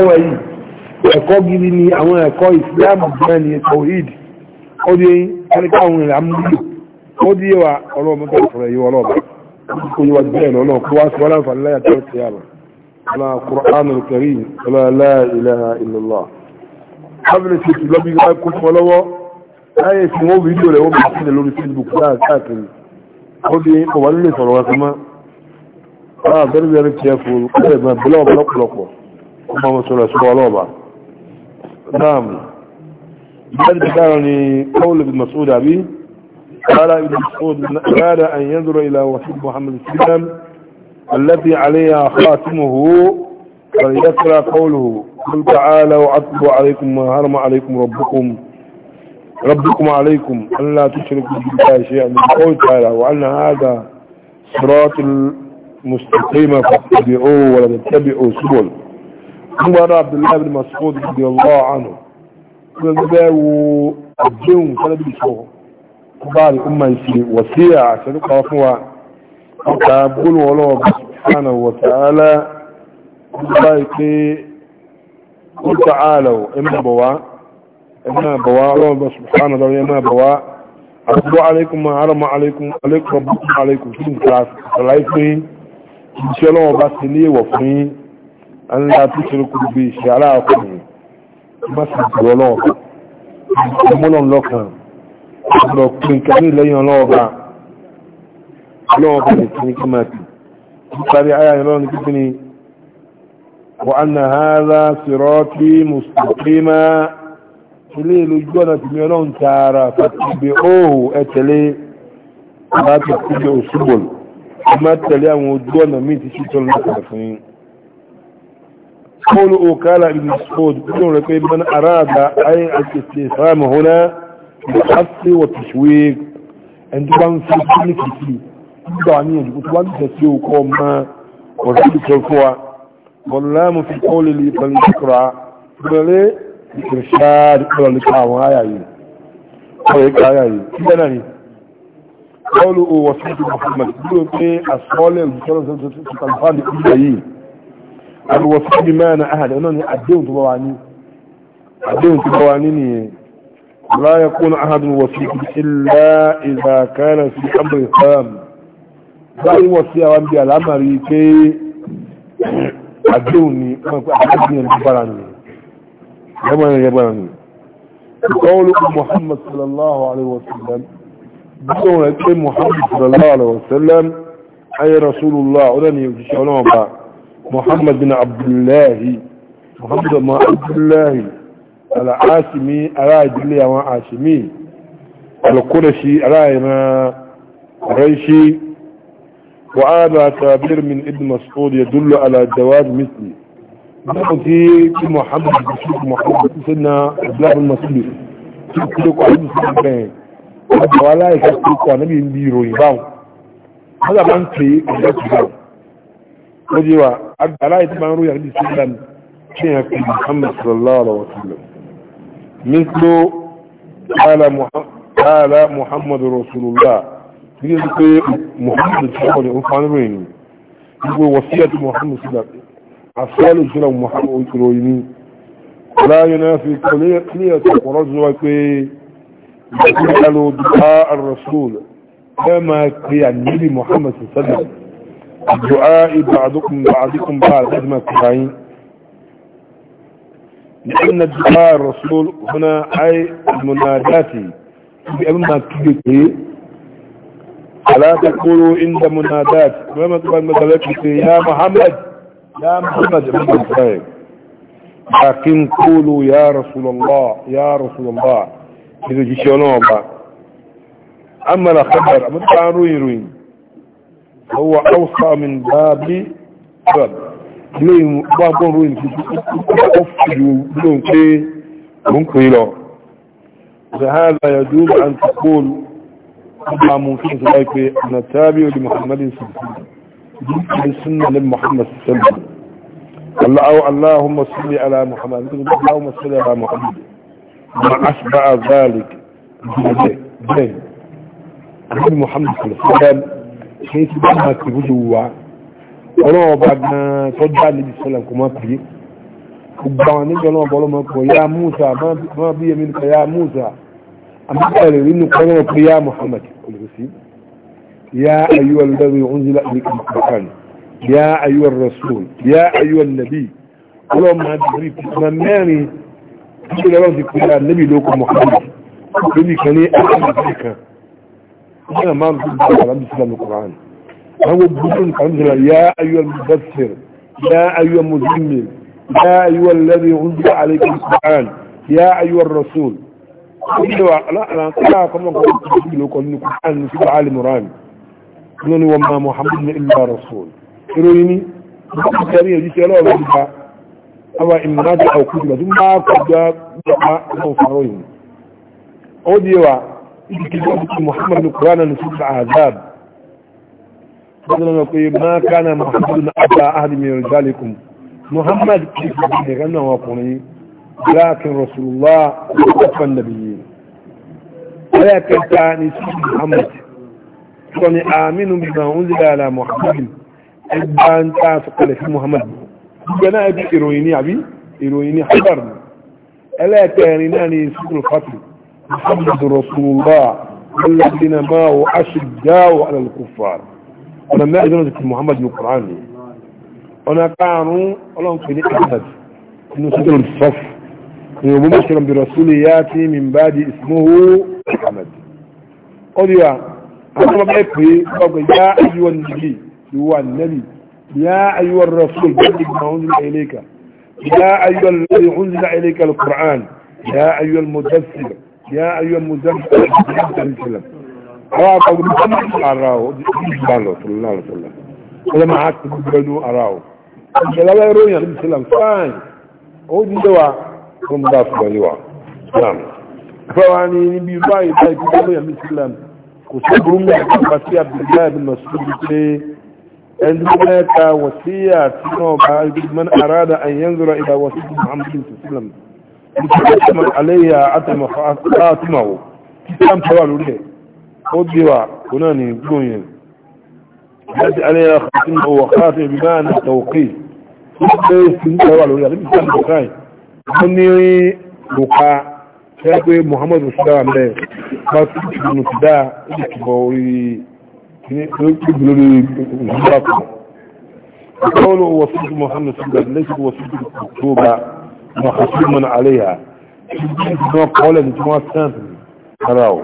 dáwà yìí ẹ̀kọ́ gidi ni àwọn ẹ̀kọ́ ìsìlámù gan ni tawhid ó di ẹnìká àwọn ìlà múlò ó di wa ọlọ́ọ̀mọ́ tó sọ̀rọ̀ yìí ọlọ́ọ̀bà kó yíwa bẹ́ẹ̀ lọ́nà kó wá sí wọn láǹfààní láyà tó ti yàrá ọlá Qur'anul Karim ọlá la ilaha illallah kábìlì ti ti lọ́bí wá kó fún ọ lọ́wọ́ láyé tí wọ́n fídíò rẹ̀ wọ́n bá sílẹ̀ lórí Facebook káàkiri ó di ọ̀wá nílé sọ̀rọ̀ wa sí mọ́ Ah, very, very careful. Kọ́lẹ̀ máa bẹ̀rẹ̀ ọ̀pọ̀lọpọ̀. اللهم صل وسلم نعم بل كانني قول ابن مسعود أبي قال ابن مسعود أراد أن ينظر إلى وحيد محمد السلام التي عليها خاتمه فليقرأ قوله قل تعالى وعطب عليكم ما هرم عليكم ربكم ربكم عليكم أن لا تشركوا بالله شيئا من قول تعالى وأن هذا صراط المستقيم فاتبعوه ولا تتبعوا سبل عمر عبد الله بن مسعود رضي الله عنه gbẹgbẹwo àdéhùn tẹ́lẹ̀bí sọ bá rí ọmọ ìṣe wàsíyà àṣẹ́lúkọ fún wa ọkà gbóòlù ọlọ́wọ́ sánà wàtàálá bá ìpé ó tààlà ẹmọ́bọ̀wá ẹmọ́bọ̀wá ọlọ́wọ́ sánà lọ́rọ̀ ẹmọ́bọ̀wá àkùbọ́ aleikum arama aleikum aleikum aleikum fún ìṣẹ́ ọlọ́wọ́ bá sí ní ìwọ̀ fún yín an la tushriku bi ṣàrá ọkùnrin má sì jùlọ lọ́ọ̀kan ọmọlọ́n lọ́kan ọ̀rọ̀ pínká ní lẹ́yìn ọlọ́ọ̀bá ọlọ́ọ̀bá lè kí ní kí máa tì nítorí ayá ìlọ́run kí kí ni wa anna hadha sirati mustaqima ilé ìlú gbọ́nà tìmí ọlọ́run tààrà fàtìgbé óòhù ẹ̀tẹ̀lé láti kúrò òṣùgbọ̀n ọmọ tẹ̀lé àwọn ojú ọ̀nà míì ti ṣíṣọ́ lọ́kàn fún yín قول وكالة ابن مسعود يقولون من أراد أي الاستفهام هنا بالحث وتشويق أنت كان في كل كتير ضعنية قلت وان تسيو كوما وزيد ترفوع ظلام في القول اللي فليشكرع قال لي الإرشاد قال لك عاوة هاي هاي قال لك هاي هاي كده ناني قولوا وصيد محمد يقولوا ايه الصالح المسلم سلسلسل الفان دي الوفاء بما نعهد أنا عدون تبواني عدون تبواني لا يكون احد وفيك الا اذا كان في امر تام لا يوصي عن بي الامر أدوني عدوني ما عدوني الجبراني لما يجبراني محمد صلى الله عليه وسلم قول محمد صلى الله عليه وسلم اي رسول الله أنا يجيش ولن يجيش محمد بن عبد الله محمد بن عبد الله العاشمي على جلية وعاشمي القرشي على ما قريشي وهذا تعبير من ابن مسعود يدل على جواز مثلي نقضي محمد بشيك محمد سنة ابلاغ المسلوك تلك عدد سنبين ولا يكتلك ونبي يروني باو هذا من في ابلاغ lójú wa aláìsí máa ń rú yàrá ìsìn ìlànà kí n fi muhammad sallallahu alaihi wa sallam mislo ala muhammad rasulullah bí kí n pé muhammad sallallahu alaihi wa sallam ní gbogbo wasiyatu muhammad sallallahu alaihi wa sallam asọ́lù ìṣúra muhammad ìṣòròyìn ní láyé náà fi kílíyà tó kọ̀rọ̀ zuwa pé ìṣúra rasul ẹ máa kí a muhammad sallallahu alaihi wa sallam دعاء بعضكم بعضكم بعض خدمة تفاهمين لأن الدعاء الرسول هنا أي المناجات بأما كبيرة فلا تقولوا عند منادات وما تقول مثلك يا محمد يا محمد محمد صحيح لكن قولوا يا رسول الله يا رسول الله إذا جيشوا الله أما الخبر أما تقول روين روين هو أوصى من باب باب لين باب روين أفجوا بدون شيء ممكن فهذا يجوز أن تقول ما ممكن تلاقي أنا تابع لمحمد صلى الله عليه وسلم السنة لمحمد صلى الله عليه وسلم اللهم صل على محمد اللهم صل على محمد ما أشبع ذلك جاي جاي محمد صلى الله عليه وسلم kìí ti bá máa kìí bójú wa ọlọ́wọ́ bá gan tọ́jú àlejò sọ́lá kò má pè é gbogbo àwọn níjọ náà bọ́ lọ́mọ pọ̀ yá Musa máa bí èmi nìkan yá Musa àmúkà rẹ̀ nínú kan náà pé yá Muhammad olùsí yá ayú alùdáwì ounzila ìlú kọ̀ọ̀kan yá ayú rasul yá ayú nàbí ọlọ́wọ́ máa dìrí pípa mẹ́rin tí ó lọ́wọ́ ti pè é nàbí lóko Muhammad lóbi kan ní àkàndínlẹ̀ kan أنا ما عندي سلام مثل القرآن هو بدون عندنا يا أيها المدثر يا أيها المزمل يا أيها الذي أنزل عليك القرآن يا أيها الرسول لا لا لا كما قلت لكم القرآن في العالم ران من وما محمد إلا رسول يروني بكتابي يجي له وجهه أو إمراض أو كذب ثم أقعد أو فروين أوديوا كتاب محمد القرآن نسيب العذاب بدنا نقول ما كان محمد أبا أحد من رجالكم محمد كيف يقولنا وقوني لكن رسول الله وقف النبيين ولكن كان محمد كوني آمن بما أنزل على محمد إبان تاسق في محمد بنا أبي إيرويني أبي إيرويني حضرنا ألا كان ناني سكر الخطر محمد رسول الله الذين معه أشداء على الكفار أنا ما أجل محمد من القرآن أنا كانوا اللهم في أحد إنه سجل الصف إنه مبشرا برسول ياتي من بعد اسمه محمد قل يا أنا ما يا أيها النبي هو النبي يا أيها الرسول بلغ ما أنزل إليك يا أيها الذي أنزل إليك القرآن يا أيها المدثر يا أيها المزمل صلى الله عليه أراه صلى الله عليه وسلم ولا ما عاد أراه لا لا يرون يا نبي سلام فاين هو دي دواء هم دافع دواء سلام فواني نبي باي باي تقبلوا يا نبي سلام كسبر من وصية عبد الله بن مسعود عند هناك وصية تنوب من أراد أن ينظر إلى وصية محمد صلى الله عليه وسلم يتكلم عليها عدم خاتمه كم سوال له خذوا كناني بقول يد عليها خاتمه وخاتم بمعنى التوقيت كم سوال له يعني كم بقاي مني بقى شاكوي محمد رسول الله عليه بس بنو كدا بوري كني بلوري قوله وصية محمد صلى الله عليه وسلم ليس وصية مكتوبة وخصوما عليها ما قولا انتما الثاني تراو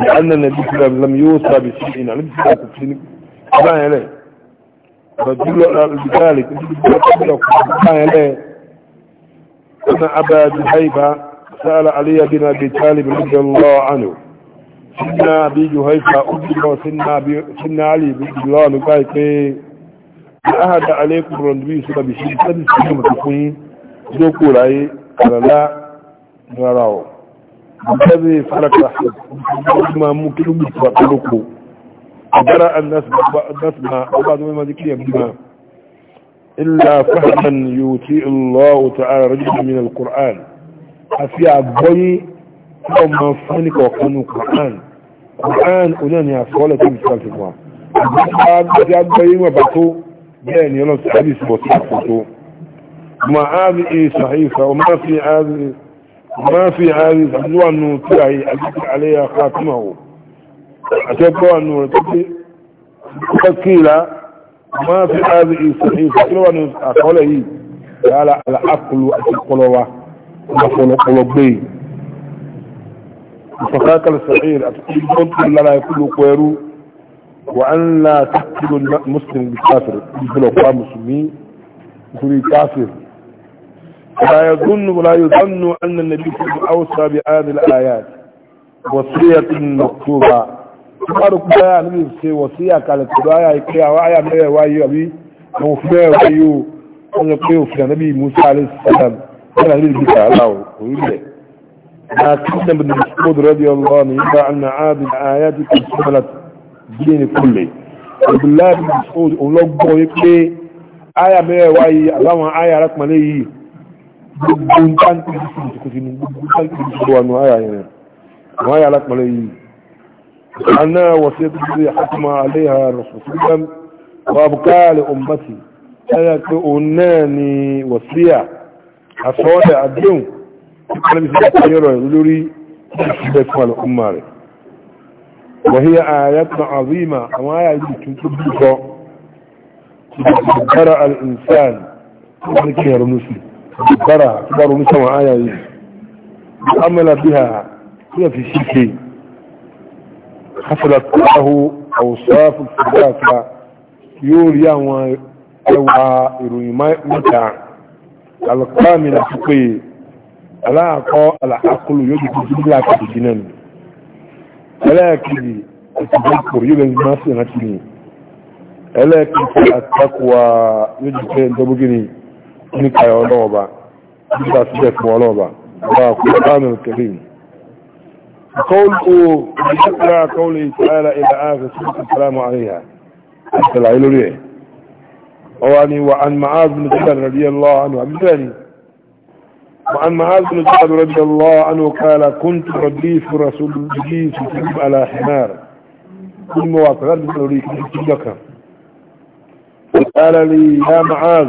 لأن النبي صلى لم عليه وسلم لم يوصى بشيء ما سيكون كبان عليه فدل بذلك كبان عليه أن أبا جحيفة سأل علي بن أبي طالب رضي الله عنه سنة أبي جحيفة أجل وسنة سنة علي رضي الله عنه قال أهد عليكم رندوي سنة بشيء سنة سنة jókòó láyé àlàlá rárá ọ̀ bẹ́ẹ̀ fàlàkà ọdún máa mú kílùmí tó àtọ́lọ́kọ̀ agbára annasma ọba tó mẹ́mọ́ sí kíyàn bímá illa fahman yóò tí ìlọ́wọ́ ta'ara rajin min al-qur'an a fi àgbọ́yí wọ́n máa fún ní kọ̀ọ̀kanú qur'an qur'an oní ni àfọ́lẹ̀ tó bìtà fi ما هذه إيه صحيفة وما في هذه ما في هذه تبدو أنه تلعي أجد عليها خاتمه أتبدو أنه تكيلة ما في هذه صحيفة تبدو أنه أقوله قال العقل والقلوة وقلوبين فكاك الصحيح أتقول لا يكون قيرو وأن لا تقتل المسلم بالكافر يقول أقوى مسلمين يقول كافر لا يظن ولا يظن أن النبي أوصى بهذه الآيات وصية مكتوبة تبارك بها النبي في وصية قالت بها يكيا وعيا بها وعيا بي وفيها وعيا ويقيا في النبي موسى عليه السلام كان النبي بك الله ويقول لكن ابن مسعود رضي الله عنه يرى أن هذه الآيات قد شملت دين كله عبد الله بن مسعود ولو بقوا يقول آية بها وعيا لما آية رقم ليه gbogbo nǹkan tó ti sùn kò sí ní gbogbo nǹkan tó ti sùn wà nù ayà yẹn wọn ayà alápàlẹ yìí aná wọ̀sẹ̀ tó ti hàtùmọ̀ alẹ́ ha rọ̀sọ̀sọ̀gbọ́n wà bùkálẹ̀ ọ̀mbàtì ayà pé òun náà ni wọ̀síyà àsọ́ọ̀dẹ̀ àdéhùn tí wọ́n ti sọ̀rọ̀ ayọ̀ rẹ̀ lórí ìṣẹ̀lẹ̀ fún àlọ́kùnmá rẹ̀ وهي آيات عظيمة أما آيات تنتبه تبقى الإنسان ولكن يرى المسلم bara kibaru ní sáwọn àyà yìí amala biha kuna fi ṣíṣe hasalat ahu awusafu fidata yóò rí àwọn ẹwà ìròyìn mẹ́ta alkami na fi pé aláàkọ́ aláàkọlù yóò dìkú sí ilé àkàtìkì náà ni ẹlẹ́ẹ̀kìlì ìtìjọ́kùrù yóò lẹ́yìn máa sí ìrántí ni ẹlẹ́ẹ̀kìlì àtàkùwà yóò dìkú ẹ̀dọ́gbógiri nípa ọlọ́ọ̀bá nípa síbẹ̀ fún ọlọ́ọ̀bá ọba kùránù kìrìm kọ́ọ̀lù ìṣẹ́kùnrà kọ́ọ̀lù ìtàlá ilẹ̀ ààrẹ sí ìsìlámù àríyà àtàlà ilórí ẹ̀ ọwá ni wà án ma'azin jẹ́ rẹ̀bí allah anu abidani wà án ma'azin jẹ́ rẹ̀bí allah anu kala kuntu rabbi fi rasulu bi su fi ala himar kun mawa tsarar da lori kan cikin daga قال لي يا معاذ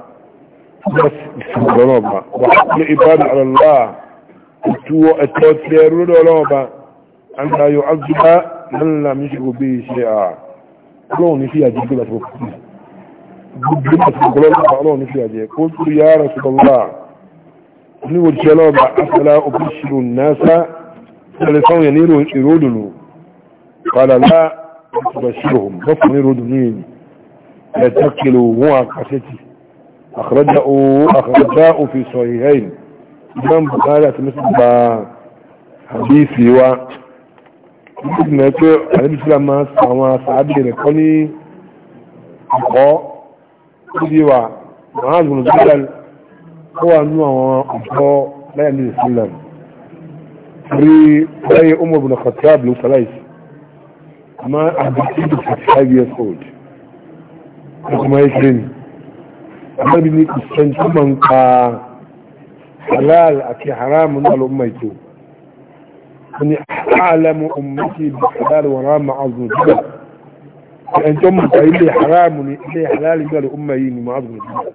ọlọ́ọ̀bá wàhálà ìbáàdì àlọ́lá ìtúwọ́ ẹ̀tọ́ ti ẹrú lọ́dọ̀ ọlọ́ọ̀bá àǹtayọ̀ azúbá lọ́nà mi ṣe gbé iṣẹ́ à ọlọ́run ní fíyà jẹ́ gbọ́dọ̀ gbogbo ọlọ́ọ̀bá ọlọ́run ní fíyà jẹ́ kó tó yá ara sọ̀rọ̀lá ní òṣìṣẹ́ ọlọ́ọ̀bá afẹ́lá òkúṣirò náṣá tẹ̀lé sáwọn yẹn ní ìròdùnú kàlàlá ìtùbàṣirò mọ́fún ìròdùnú yẹn ẹ̀tọ́ kìlò wọn àkàṣẹ́tì أخرجه أخرجاه في صحيحين إمام بخاري مثل حديثي و ابن عليه السلام ما صحابي لكني أقا قدي و معاذ بن جبل هو أنه أقا لا يمين سلم. في أي أمر بن الخطاب لو ثلاث ما أحبت إيد الفتحابي يسعود وكما يكرني annabi ne kusanci manka halal a ke haramun al'ummai to wani alamu ummaki da halal wa rama azuzuba da yan can mutu ilai haramun ne ilai halalin da al'ummai ne ma azuzuba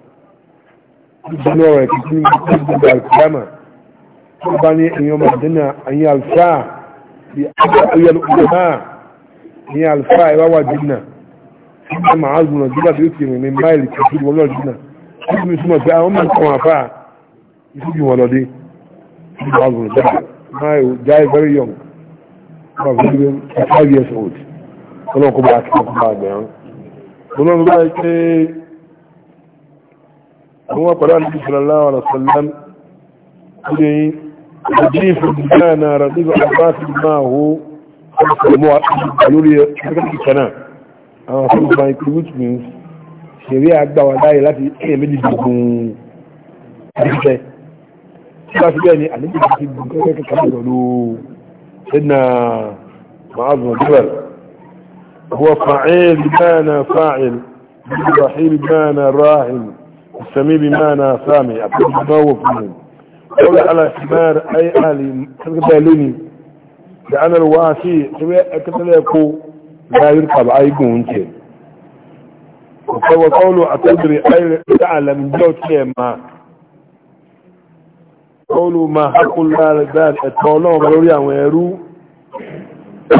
duk da wa kiki ne da alkama ko ba ne in yi madina an yi alfa bi aka ayyar umma ni alfa ya wawa jinna ma azuzuba da yake mai mail kafin wani wọ́n fi súnmọ̀ pé àwọn mẹ́ta wọn àfáà ìtújú wọn lọ́dé ìgbàgbọ̀n dáadáa máa jáì very young wọ́n fi gbé five years old wọ́n lọ́kọ́ bá kí wọ́n bá gbẹ̀rán wọ́n lọ́kọ́ bá pé àwọn pẹ̀lú àlejò sọ̀rọ̀ láwọn àlọ́sọ̀lá ilé yìí àjíyìn fòdìdá náà rà nígbà àbá ti máa hó ọ̀sẹ̀ mọ́ àlórí ẹgbẹ́ ìkànnà àwọn àfihàn ìpínlẹ̀ ṣeré àgbà wà láyé láti èèyàn méjì gbogbo àdíṣẹ́ tí wá sí bẹ́ẹ̀ ni àdíṣẹ́ ti gbogbo kẹ́kẹ́ kàmí pẹ̀lú ṣẹ́nà ma'azùn jùlọ هو فاعل بمعنى فاعل الرحيل بمعنى راحل السمي بمعنى سامي أبدا مدوف منهم قول على حمار أي آلي تقبلني لأن الواسي كتلك لا يرقب أي قونتين وهو قوله أتدري أي تعلم جوت ما قوله ما حق الله لذلك اتقولوا بلوري عن ويرو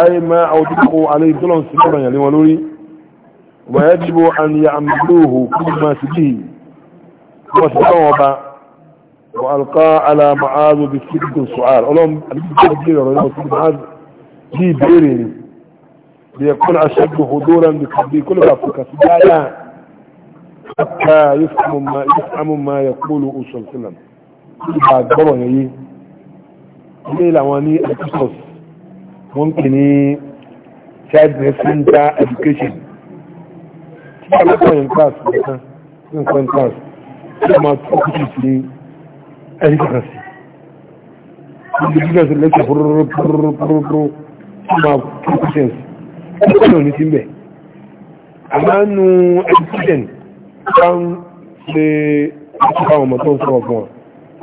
أي ما أودقوا عليه دلون سنبا يلي ولوري ويجب أن يعملوه كل ما سجيه وتوبة وألقى على معاذ بسكت السؤال أولهم أبيك تجيب رجل معاذ جيب بيريني ليكون أشد حضورا بكل أفريقيا سجايا حتى يفهم ما يفهم ما يقول أوصل سلم بعد برهن يي ليلة واني القصص ممكن child center education tíwọ́n kọ́ yẹn class nìkan ní nǹkan class tí wọ́n máa tún kúrò sí ẹ̀ríkàsì ní bí bí lọ́sẹ̀ lẹ́sẹ̀ púrúrú púrúrú púrúrú tí wọ́n máa tún kúrò sí ẹ̀sì ẹgbẹ́ òní ti ń bẹ̀ àmánú education bá ń ṣe ìṣúfà ọmọ tó ń sọ̀rọ̀ fún ọ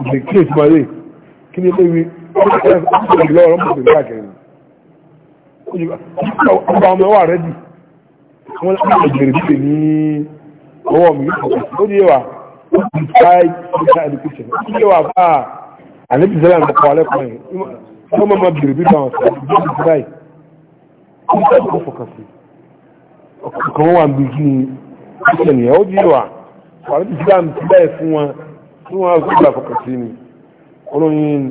ìṣe kí èsì máa lè kí ni pé wí ọmọ ọ̀rọ̀ mọ̀ pẹ̀lú àkẹrin ọba ọmọ ní ọwọ́ mi education ó di ẹwà bá àlébìsẹ́lá ń kọ́ alẹ́kọ̀ọ́ yẹn wọ́n máa bẹ̀rẹ̀ bí bá wọn sọ̀rọ̀ kó fọkàn sí ọkàn wà bí kí ni kíkẹ́ nìyẹn ó di wà wàlẹ́ ti sílá ti bẹ́ẹ̀ fún wọn tí wọ́n á gbà fọkàn sí ni olóyin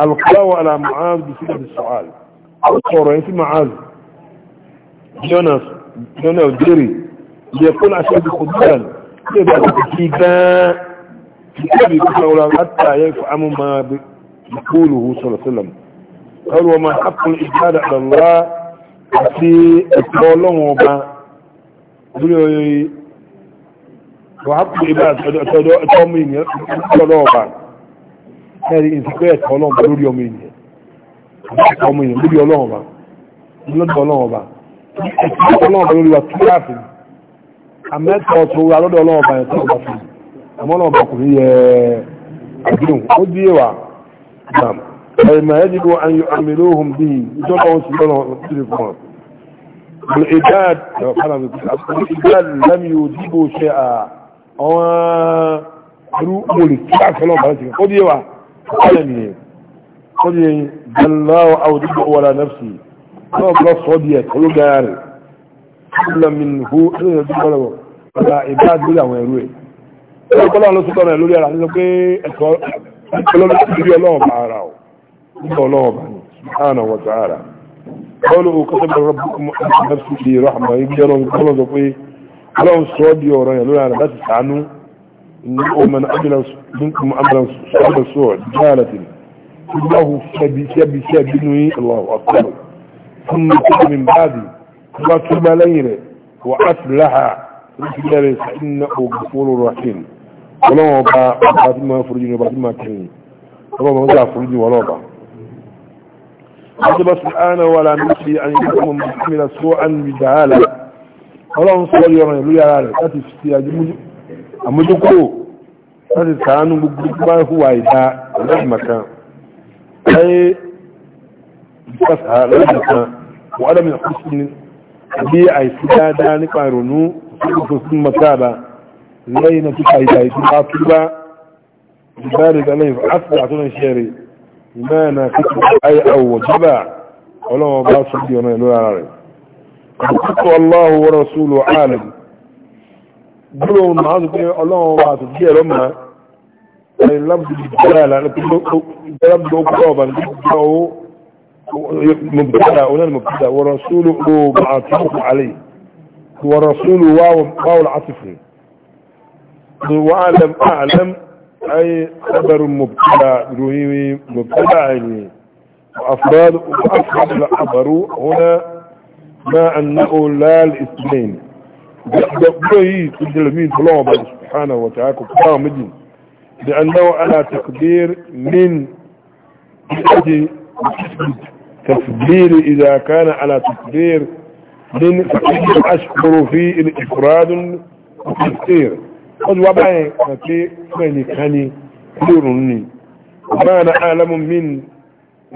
alùpùpù àlà Mu'az bí sílẹ̀ ti sọ̀al ó sọ̀rọ̀ yẹn sí Mu'az jọ́nà òjèrè ilé ẹ̀kọ́ náà ṣe ìdíkò díẹ̀ ní ẹ̀bẹ̀ àti kí àti ẹ̀kọ́ ọlọ́run ọba lórí orí wàhápù ìbá àtọ́dọ́ ọmọ ènìyàn lọ́dọ̀ ọba ẹ̀rí ìsìnkú ẹ̀kọ́ ọlọ́run ọba lórí ọmọ ènìyàn àti ọmọ ènìyàn lórí ọlọ́run ọba lọ́dọ̀ ọlọ́run ọba ẹ̀kọ́ ọlọ́run ọba lórí wa kíláàsì àmẹ́tọ̀ ọ̀tún wa lọ́dọ̀ ọlọ́run ọba ẹ̀kọ́ ọba fún àmọ́ ọlọ́run ọba kò ní yẹ àdéhùn ó dí wa gbàm ẹ̀rìmà ẹ̀dìgbò àmì lóhùn bíi ìjọba òun sì lọ́nà òun sì fún ọ العداد العداد لم يجيبوا شيئا رؤوا للكعب فلو بلاتك قد يوع قلمي قد يدلا أو دبع ولا نفسي فلو بلا صديق قلو دار كل منه إلا دبع ولا عباد بلا ويروي فلو بلا نسطنا يقول يا رحمة الله أكلوا لكي يلوه بعراو يلوه بعراو سبحانه وتعالى قوله كتب ربكم نفسه رحمة يبدأ لهم قوله ذقوي قوله السواد يورا يقول أنا بس عنه إن من عمل منكم عملا صعب السوء جالة الله سبي سبي سبي إيه؟ الله أكبر ثم من بعد ما تم ليلة وأسلح رجل فإنه غفور رحيم ولو ما فاتما فرجني وبعد ما كريم ولو ما فرجني ولو ما عجب سبحانه ولا نمشي أن يكون محمل سوءا بجهالة ọlọ́run sọ yọrọ ìlú yàrá rẹ̀ láti fi àmójúkúrò láti sàánú gbogbo bá ń hùwà ìdá lọ́dìmọ̀kan láyé ìfàsà lọ́dìmọ̀kan wọ́n adam ní ọkùnrin sí àbí àìsí dáadáa nípa ìrònú òṣèlú fún mọ́tàbà lẹ́yìn náà tó fà ìdá ìdí bá túbá ìbáraẹ̀dá lẹ́yìn fún àfẹ́ àtúnṣe rẹ̀ معنى أي أو وجبا ولو ما صدي وما يلو عاري الله ورسوله عالم قلوا من عزق الله ما تجي لما أي لفظ الجلالة لفظ أقرابا لفظه مبتدا ولا المبتدا ورسوله معطوف عليه ورسوله واو واو العطف وأعلم أعلم أي خبر مبتلى روي مبتلى علمي وأفراد وأفراد الخبر هنا ما أنه لا الاثنين بأي تجلمين طلاب سبحانه وتعالى كامدين لأنه على تقدير من بأجل تقدير إذا كان على تقدير من أشكر فيه الإفراد والتفسير wọ́n ti wá báyẹn kàn pé fún ẹnìkan ni lóòrùn ni báyẹn náà alamu min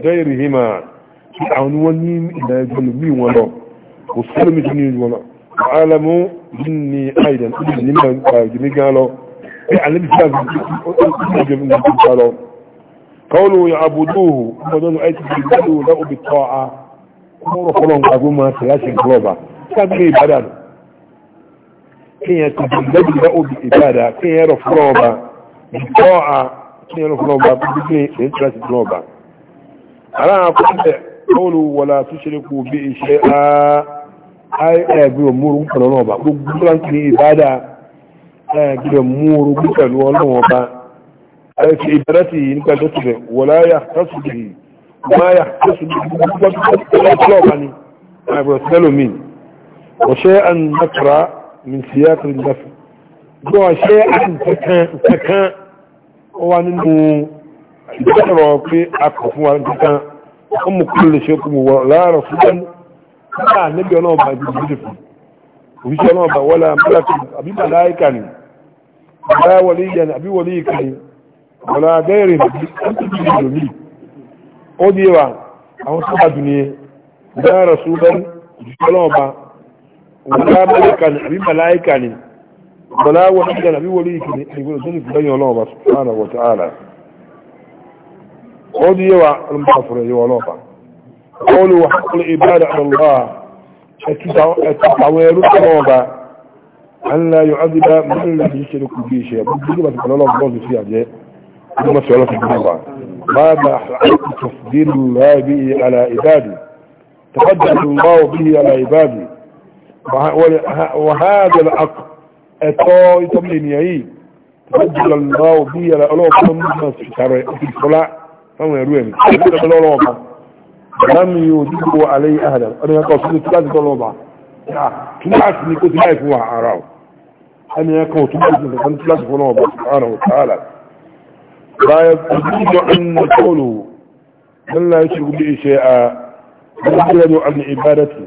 dẹ́rì hima tí àwọn ni wọ́n ní ìdájọ́ ìjọlù bí wọn lọ kò sẹ́lẹ̀ mi tún ní ìjọ lọ alamu min ni aidan ó lè lọ pé kéèyàn ti di lẹ́bi náà òbí ìbáda a kéèyàn rọ̀ ọba kúndé a ayé gbúdọ̀ ọba gbogbo tó ń ọba من سياق النفي هو شيء كان وانه يقرأ في أكفوا كان أم كل شيء ولا رسول لا نبي الله بعد الجدف وفي الله ولا ملك أبي ملائكة لا وليا أبي ولي كان ولا غير أنت بجلومي أوديوا أو سبع دنيا لا رسولا وفي الله wala malaka ni àbí malaika ni wala wàhídà àbí wọlé ìkìní ìgbèrò tó ní fi lẹ́yìn ọlọ́ọ̀bá subhanahu wa ta'ala ó di yẹwà alùpàfẹ́rẹ́ yẹwà ọlọ́ọ̀bá kọlu wà kọlu ìbára àlọ́lá ẹ̀tàwọn ẹrú ọlọ́ọ̀bá allah yóò adìbá mẹ́rin lè fi ṣe kù bí iṣẹ́ gbogbo bá ti pẹ̀lú ọlọ́ọ̀bá bọ́ọ̀lù sí àjẹ́ ní mọ́sí ọlọ́ọ̀bá gbogbo ما تفضيل الله به على عباده تفضل الله به على عباده وهذا العقل الطائط من يعيد تجل الله بي على الله كم نفس في شرع في الصلاة فما يروين لم يوجدوا علي أهلا أنا يقول سيدي تلاتي طول وضع تلاتي نكو تلاتي فوا عراو أنا يقول تلاتي تلاتي فوا عراو سبحانه وتعالى لا يجوز أن نقوله من لا يشرك به شيئا يجوز أن عبادته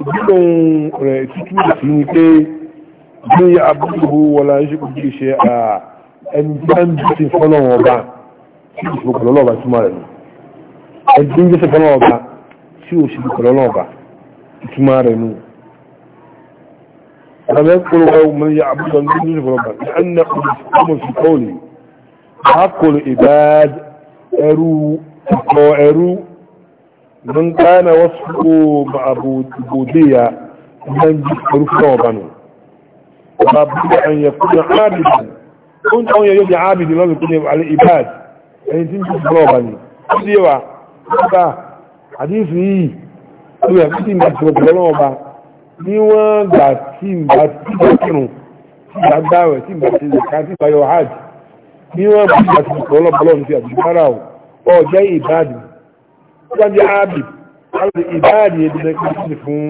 ìgbìmọ̀ rẹ̀ títí sí ni pé bí abúrúgbò wọlá ń ṣe à a ń bí sí fọ́lọ́wọ́ ọba tí ò ṣubú kọ̀lọ́lọ́ ọba túmọ̀ rẹ̀ ni ẹni tí ń jẹ́ sí fọ́lọ́wọ́ ọba tí ò ṣubú kọ̀lọ́lọ́ ọba túmọ̀ rẹ̀ ni أنا أقول من يعبد من كان وصفه مع بودية من جفرف نوبانه وقبل أن يكون عابدا كنت أن يجد عابد الله يكون على إباد أن تنجف نوبانه أديوا أديوا حديثي ó yà kí n bá ti rọ̀pọ̀ lọ́wọ́ bá ní wọ́n gbà tí n bá ti bá kírun tí n bá dáwẹ̀ tí n bá ti zẹ̀ká tí n bá yọ hajj ní wọ́n gbà tí n bá ti rọ̀pọ̀ lọ́wọ́ bá lọ́wọ́ sí àdúgbò rárá o ọ jẹ́ ìbáàdì wọ́n jẹ́ ábì àwọn ìbáàdì ẹbí lẹ́kọ̀ọ́sí fún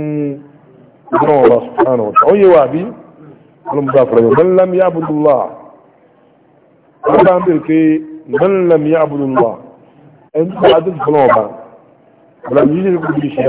ọlọ́wọ́ sọ́nà ọ̀tọ̀ ó yẹ wà bí ọlọ́mọdá fọ̀rọ̀ yóò mọ́nlá mi yábùdùlá wọ́n bá ń bèèrè pé mọ́nlá mi yábùdùlá ẹni tó bá dùn fún ọba ọ̀la mi yíyẹ kó bí ṣe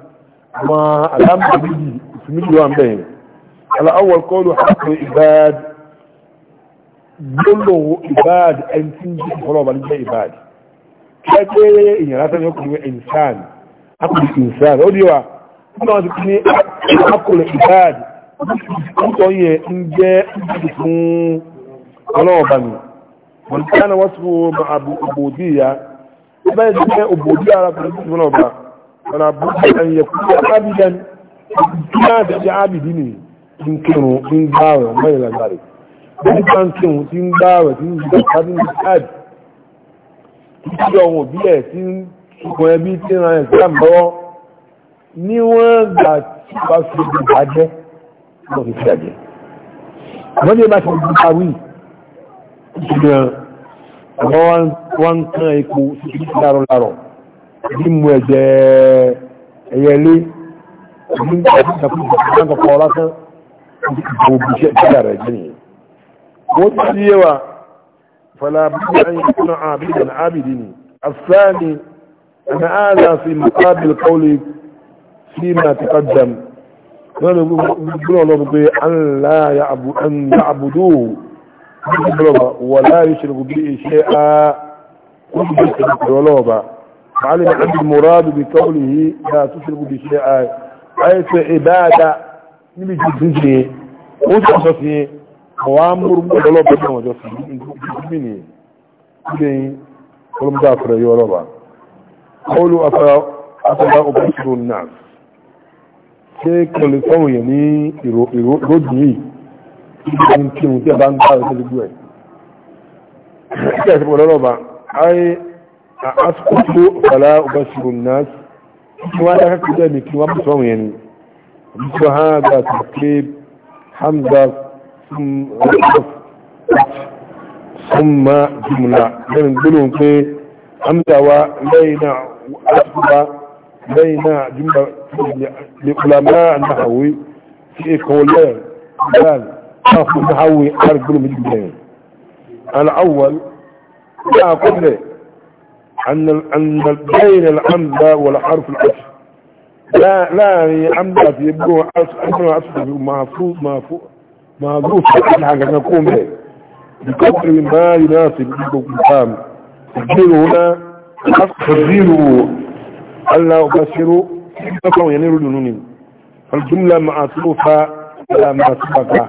ما الأمر بيجي اسمي جوان بين على أول قوله حق العباد gbólóhùn ìbáàdì ẹni tí ń jí ìfọlọ́ọ̀bà ní jẹ́ ìbáàdì kẹ́kẹ́ èèyàn látàrí ọkùnrin ìnsàn akùnrin ìnsàn ó díwà nígbà wọn ti kí ní akùnrin ìbáàdì nítọ́ yẹn ń jẹ́ ìbáàdì fún ọlọ́ọ̀bà mi wọ́n ti kánà wọ́n ti fún ọmọ àbòdì ìyá ẹgbẹ́ ìdíjẹ́ òbòdì ara kùnrin wala budda an yakuna abidan kuma da ji abidi ne in kinu in gawa mai labari da kan kinu tin gawa tin da kadin sad ti yo won bi e tin ko e bi tin ran sam bo ni wọ́n gbà tí ba su bi baje lo fi baje wọ́n je ba so bi awi ti yan wọ́n wọ́n kan eku ti daro laro ìdí mú ẹ̀jẹ̀ ẹ̀yẹlé ìdí ìdàkùn ìdàkùn lásán ìdìbò bìṣẹ́ ìdíyà rẹ̀ jẹ́ nìyẹn. wọ́n ti di yẹwa fala bí an yi kuna abidin abidi ne asani ana ala fi muqabil qawli fi ma taqaddam wọ́n lè gbọ́n ọlọ́run pé an la ya abudu wọ́n lè gbọ́n ọlọ́run wọ́n láyé ṣe gbogbo iṣẹ́ a wọ́n lè gbọ́n ọlọ́run معلم عبد المراد بقوله لا تشرب بشيء أي في عبادة نبي جدنجي وشخصي وامر مدلو بنا وجسمي مني إليه والمدافر يولوبا قولوا أفلا أفلا أبشر الناس ṣe kọlù sọ́wọ̀n yẹn ní ìròdì yìí ìgbẹ̀rún kírun tí a bá ń bá ẹ̀ṣẹ́ gbogbo ẹ̀ ṣe ẹ̀ṣẹ́ pọ̀ lọ́rọ̀ أسقط فلا أبشر الناس وأنا هكذا مكي وأبصرهم يعني مثل هذا تقريب حمزة ثم ثم جملة يعني نقولهم في حمزة ولينا أسقط لينا جملة لعلماء النحوي في كولين قال أخذ النحوي أرجو من الجنين الأول لا قبله أن أن بين العمدة والحرف العطف لا لا يعني عمدة يبقوا عطف عطف معفوظ معفوظ معذوف حاجة نقوم به بقدر ما يناسب الإمام الدين هنا تقديره ألا أبشروا فهو ينيروا الجنون فالجملة معطوفة لا ما سبق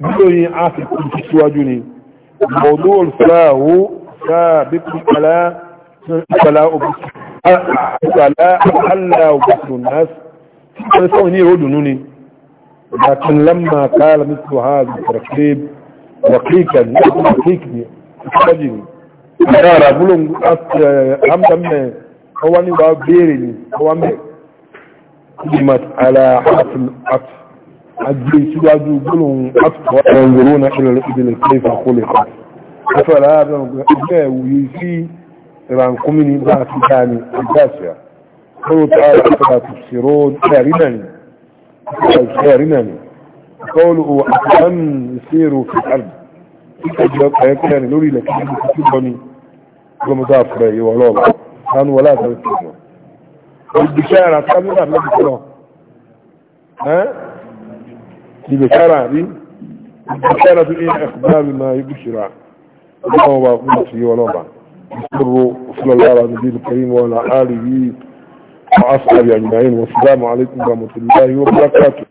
بدون عاطف تسواجني الموضوع الفلاه سابق على ala obìnrin náà wọ́n sọ́wọ́n ní ìròdùn ní lakin lamma kala mithlu hadha tarkib wa qika qik ni taji ni ara bulun amdam ne kawan ni ba bere ni kawan be kimat ala hasl at ajri sudaju bulun at wa yanzuruna ila al-ibil kayfa khuliqat afala hadha yusi rankumi ni ba su gani albasiya kawo ta ala ta tafsiro yarina ne yarina ne kawo a kan sero fi ardi suka biya kayakaya ne lórí ilẹ̀kí ní títí bọ́ni gbọmọdé àfúrẹ́ ìwọ̀ lọ́wọ́ sanu wọlé àtàrí tó lọ ìgbìṣẹ́ra sanu náà rí ìgbìṣẹ́ra tó ní ẹ̀kọ́ bá máa yí gbìṣẹ́ra ọlọ́wọ́ fún ìṣẹ́ ìwọ̀ وصلوا صلى الله على النبي الكريم وعلى آله وأصحابه أجمعين والسلام عليكم ورحمة الله وبركاته